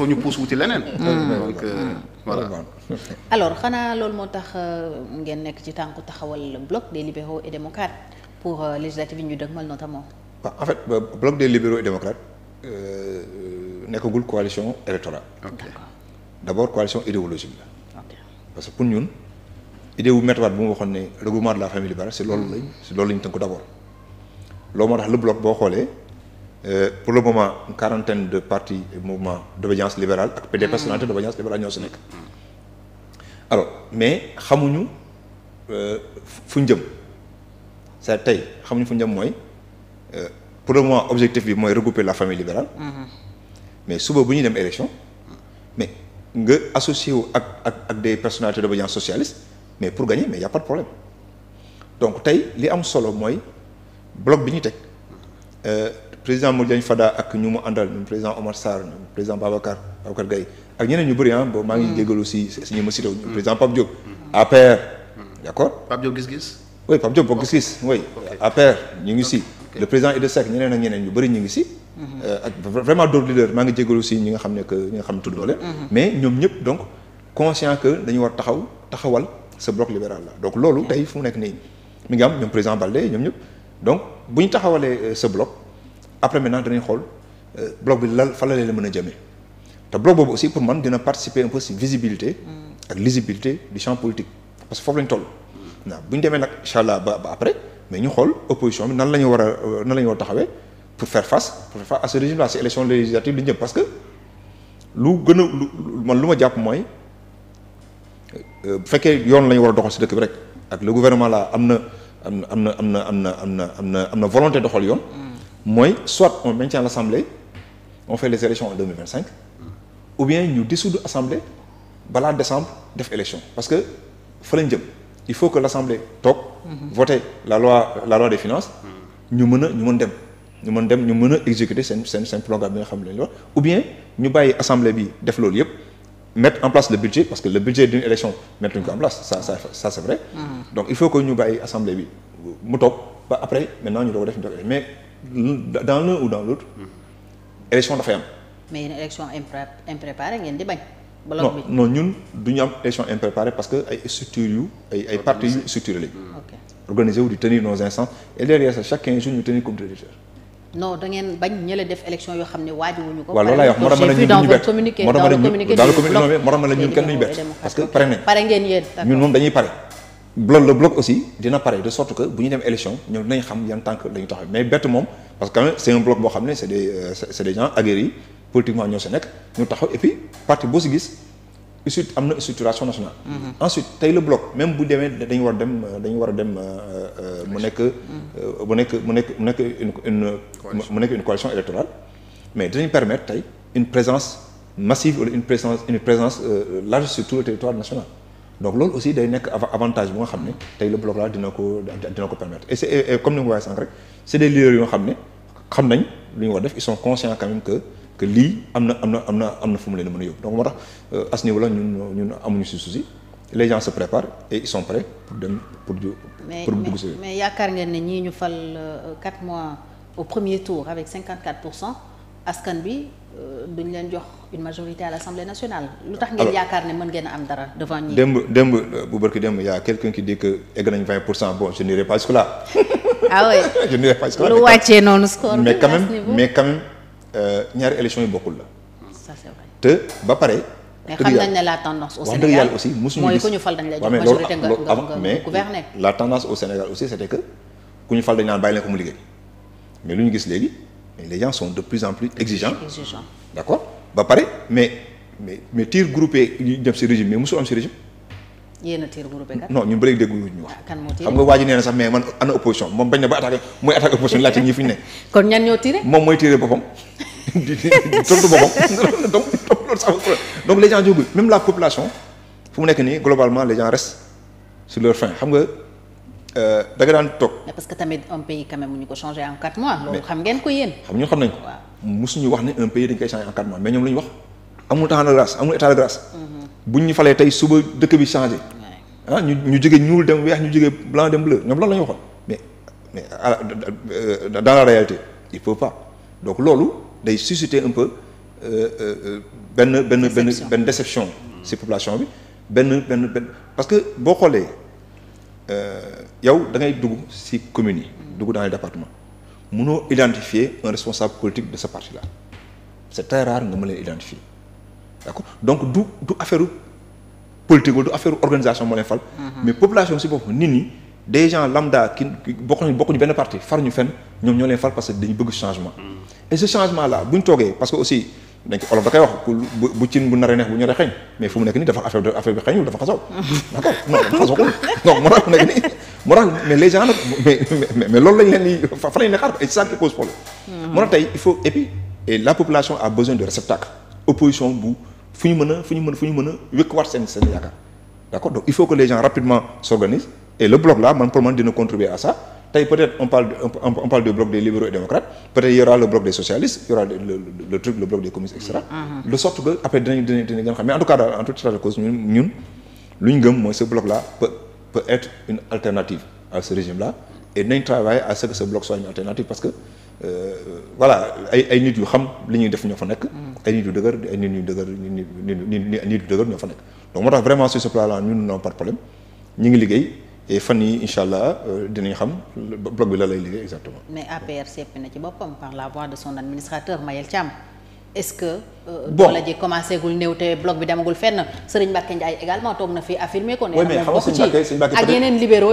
faut ñu pousse wuti leneen. Mm. donc euh, mm. voilà. Mm. alors xanaa loolu moo tax euh, ngeen nekk ci tànku taxawal bloc des libéraux et démocrates pour euh, législative yi ñu dëgmal notamment. waaw en fait bloc des libéraux et démocrates nekkagul coalition électorale. d'accord d'abord coalition idéologique la. parce que pour ñun idée wu météo bu ma waxoon ne regroupement de la famille libérale c'est loolu lañ c'est loolu lañ tënk d'abord. loolu moo tax le bloc boo xoolee. Euh, pour le moment une quarantaine de partis et mouvements libérale ak des personnalités hmm. d'obédience libérale ñoo si nekk alors mais xamuñu euh, fu ñu jëm c'est tey xamuñu fu ñu jëm mooy euh, pour le moment objectif bi mooy regrouper la famille libérale hmm. mais suba bu ñuy dem élection mais nga associé wu ak ak de des personnalités d'obédience socialiste mais pour gagner mais y pas de problème donc tey li am solo mooy bloc bi ñu teg euh, président Modou Diagne Fada ak ñu mu àndal ñoom président Omar Sarr président Babacar Babacar Gaye ak ñeneen ñu bëri ah maa ngi mm. jégalu si si ñu ma cité mm. président Pape Diop. Mm. APR. d' accord Pape Diop gis-gis. oui Pape Diop bokk gis-gis oui APR ñu ngi si. le président Idrissa Seck ñeneen ak ñeneen ñu bëri ñu ngi si. Mm-hmm. Euh, ak vraiment d' autres maa ngi jégalu si ñi nga xam ne que ñi nga xam ne tudd leen mm-hmm. mais ñoom ñëpp donc conscient que dañu war taxaw taxawal ce bloc libéral la donc loolu tey fu nekk nii mi ngi am ñoom président Balde ñoom ñëpp donc bu ñu taxawalee euh, ce bloc après maintenant danañ xool euh, bloc bi lan fa la leen mën a jëmee te bloc boobu aussi pour man dina participer un peu si visibilité. ak lisibilité du champ politique parce que foofu lañ toll. waaw bu ñu demee nag incha allah ba ba après mais ñu xool opposition bi nan la ñu war a euh, nan la ñu war a taxawee pour faire face pour faire face à ce régime là si élection législative li ñu jëm parce que lu gën a lu man lu ma jàpp mooy euh, bu fekkee yoon lañu ñu war a doxal si dëkk bi rek ak le gouvernement là am na am na am na am na am na am na am na volonté doxal yoon. mooy soit on maintient l'assemblée on fait les élections en 2025 ou bien ñu dissoudre assemblée balaa décembre def élection parce que fa lañ jëm il faut que l'assemblée toog mhm. voter la loi la loi des ñu mën a ñu mën dem ñu mën dem ñu mën a exécuter seen seen seen programme bi nga xam ne lañu wax ou bien ñu bàyyi assemblée bi def loolu yëpp mettre en place le budget parce que le budget d'une élection mettre ñu ko en place ça ça c'est vrai mhm. donc il faut que ñu bàyyi assemblée bi mu toog ba après maintenant ñu def ñu doog dans l'un ou dans l'autre élection dafay am. mais yéen élection impré ngeen di bañ. bloc bi ñun du ñu am élection impréparée parce que ay structures yu ay ay yu structurés lañu. Mm. organisé wu di tenir nos instances et derrière ça chaque quinze ñu tenir comité directeur. non bañ ñële def élection yoo xam ne waajuwuñu ko. waaw loolu laay wax moo ma ne ñun duñu bett moo ma ne ñun kenn duñu bett parce que pare nañ. pare ngeen yéen ñun moom dañuy pare. bloc le bloc aussi dina pare de sorte que bu ñu dem élection ñoom dinañ xam yan tànk la ñu taxaw bett moom parce que quand même un bloc boo xam ne c' des euh, c' est politiquement ñoo si nekk ñu taxaw et puis parti boo si gis ensuite am na structuration nationale. Mm-hmm. ensuite tey le bloc même bu demee dañu war dem dañu war a dem euh, euh, mu nekk. Mm-hmm. mu nekk mu nekk mu nekk une une. mu nekk une coalition électorale mais dinañ permettre tey une présence massive wala une présence une présence large sur tout le territoire national. donc loolu aussi day nekk avantage bu nga xam ne tey le bloc là dina ko dina ko permettre et comme ni nga waxee sànq rek c'est des leaders yu nga xam ne xam nañ lu ñu war def ils sont conscients quand que lii am na am na am na am na fu mu leen mën a yóbbu donc moo tax euh, à ce ñun amuñu si souci les se préparent et ils sont prêts pour dem pour pour dugg mais yaakaar ngeen ne ñii ñu fal 4 euh, mois au premier tour avec pour cent askan bi euh, duñ leen jox une majorité à l'Assemblée nationale. lu tax ngeen yaakaar ne mën ngeen a am dara devant ñi. démb dem euh, bu barki démb y' a quelqu'un qui dit que egg nañ 20 pour cent bon je n'irai pas jusque là. ah oui je n'irai pas jusque là lu wàccee noonu euh, la. te ba pare. mais xam nañ ne la tendance au Sénégal wax dëgg yàlla aussi mosuñu gis mooy ku ñu fal dañ lay jox majorité nga nga gouverner. la tendance au Sénégal aussi e que ku ñu fal dañ naan bàyyi leen ko mu liggéey mais lu ñu gis léegi. mais les gens sont de plus en plus exigeants. exigeants d' accord ba pare mais mais mais tir groupé ñu dem si régime mais mosul am si régime. yéen a tir dégguñu wax. Ah, xam nga waa ji na sax mais man ana opposition moom bañ na ba attaqué mooy attaqué opposition laajte ñi fi ñu ne. kon ñan ñoo tiré. moom mooy tiré boppam di di tontu boppam donc loolu sax donc la population fu mu nekk nii globalement les gens restent sur leur faim xam nga. Euh, da nga daan toog. mais parce que tamit un pays quand même mu ñu ko changé en quatre mois. loolu xam ngeen ko yéen. xam ñu xam nañ ko. suñu mosuñu wax ne un pays dañ koy changé en quatre mois mais ñoom lu ñu wax amul temps de grâce amul état de grâce. Mm-hmm. ñu falee tey suba dëkk bi changé. ah ñu ñu jógee ñuul dem weex ñu jógee blanc dem bleu ñoom loolu la ñu waxoon mais mais euh, dans la réalité il peut pas donc loolu day susciter un peu euh, benn benn benn benn déception. ci population bi benn benn benn parce que boo xoolee. Euh, yow da ngay dugg si commune yi. dugg dans les départements mënoo identifier un responsable politique de ce parti là c'est très rare nga mën leen identifier d'accord donc du du affaire politique wala du affaire organisation moo leen fal. Mhm. mais population ci boppam nit ñi des gens lambda ki bokkuñu bokkuñu benn parti far ñu fen ñoom ñoo leen fal parce que dañu bëgg changement. Mhm. et ce changement là bu ñu toogee parce que aussi. dañ ko olof da koy wax bu cin bu naree neex bu ñoree xëñ mais fu mu nekk nii dafa affaire bi xëñul dafa xasaw d'accord moo mais les gens loolu lañ leen di fa lañ ne xaar et ça qui cause problème mm-hmm. moo tax tey il faut et puis et la population a besoin de réceptacle opposition bu fu ñu mën a fu ñu mën fu ñu mën a wékkuwaat seen seen yaakaar d'accord donc il faut que les gens rapidement s'organisent et le bloc là man pour man dina contribuer à ça tey peut-être on parle on, du bloc des libéraux et démocrates peut-être y le bloc des socialistes y le, le, le truc des communistes et cetera. Mm-hmm. Mm-hmm. de que après dinañ dinañ ñu gëm mooy ce bloc là peut peut être une alternative à ce régime là et dinañ travailler à ce que ce bloc soit une alternative parce que euh, voilà ay nit yu xam li ñuy def ñoo fa nekk. ay nit yu dëgër ñoo fa nekk donc moo tax vraiment sur ce plan là ñun non par problème ñu ngi liggéey. et fan yi incha allah euh, dinañ xam bloc bi la lay liggéey exactement. mais APR seppi na ci boppam par la voix de son administrateur Mayel Thiam. est-ce que. Euh, bon doole ji commencé gul néew te bloc bi demagul fenn Serigne Mbacké Ndiaye également toog na fi affirmer ko. ne moom ci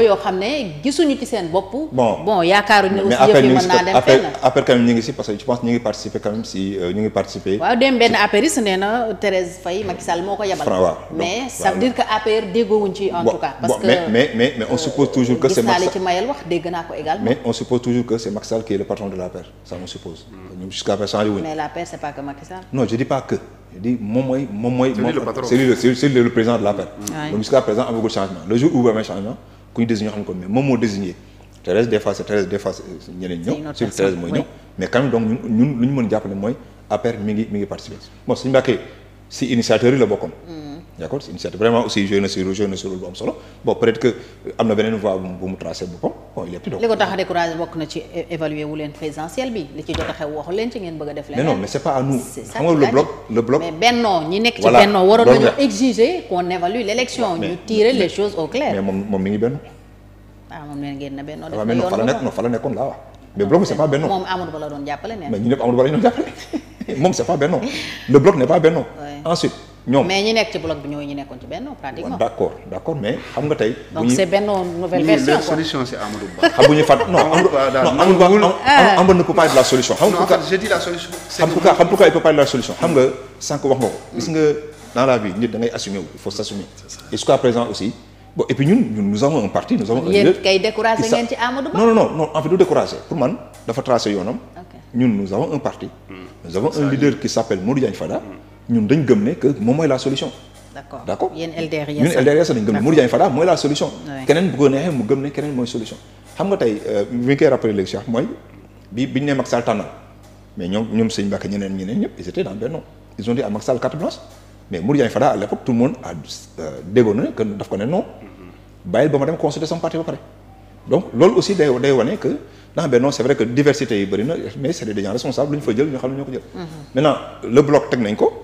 yoo xam ne gisuñu ci seen bopp. bon bon yaakaaruñu ne aussi yëf yi naa dem fenn. après quand même ñu ngi si parce que je pense ñu ngi participer quand si euh, ñu ngi participer. waaw dem benn apériste nee na Thérèse Faye moo ko yabal. mais ça veut dire que APR déggoowuñ ci en tout cas. parce que mais mais euh, on suppose Macky Sall. non je dis pas que moom mooy moom mooy. c'est lui le patron le président de l'APR. waaye donc jusqu'à présent amagul changement le jour où il y changement ku ñu désigné xam ko mais moom moo désigné Thérèse des fois c'est Thérèse des fois ñeneen ñëw. c'est Thérèse mooy ñëw mais quand donc ñun ñun lu ñu mën jàpp ne mooy APR mi ngi mi ngi participer bon suñu mbàkkee si initiateur yi la bokkoon. Mm. d'accord c'est une vraiment aussi joué na si joué na si rôle bu solo bon peut que euh, am na beneen voie bu mu tracé boppam bon il li ko tax a découragé bokk na ci évaluer wu leen présidentiel bi li ci jot a xew waxu leen ci ngeen bëgg def. mais mais c'est mais bennoo ñi bennoo moom moom ah, génn benn. Ah, def na yoon nekkoon laa wax. mais bloc c'est pas benno moom Amadou Ba la doon jàppale mais ñun ñëpp Amadou Ba la ñu doon jàppale moom c'est pas ñoom mais ñi nekk ci bloc bi ñooy ñi nekkoon ci benn pratiquement. d' accord d' accord mais xam nga tey. xam bu ñuy ne peut pas la solution. xam nga en fait j'ai xam nga xam mm. nga il nga sànq wax nga ko. gis nga dans la vie nit da ngay il faut s' assumer. et jusqu'à présent aussi. bon et puis ñun ñun nous avons un parti nous avons. un yéen kay découragé ngeen parti. nous avons un mm. leader qui s' appelle Fada mm. ñun dañ gëm ne que moom mooy la solution. d'accord d'accord yéen LDR yéen LDR dañ gëm ne Modou Diagne Fada mooy la solution. keneen bu ko neexee mu gëm ne keneen mooy solution. xam nga tey mi euh, ngi koy rappelé léegi Cheikh mooy ñu nee Macky Sall tànnal mais ñoom ñoom sëñ Mbacke euh, ko ne non bàyyil ba ma dem consulter sama parti yi bëri na mais c'est des lu ñu fa jël ñu xam ne ñoo ko jël. Mhm. maintenant le bloc teg nañ ko.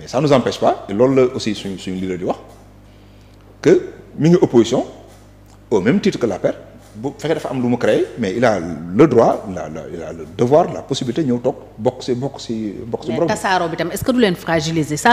mais ça nous empêche pas loolu la aussi ñu suñu leader di wax que mi ngi opposition au même titre que l'APR bu fekkee dafa am lu mu créé mais il a le droit la la il a le devoir la possibilité ñëw toog bokk si bokk si bokk si borom bi tam est-ce que du leen fragiliser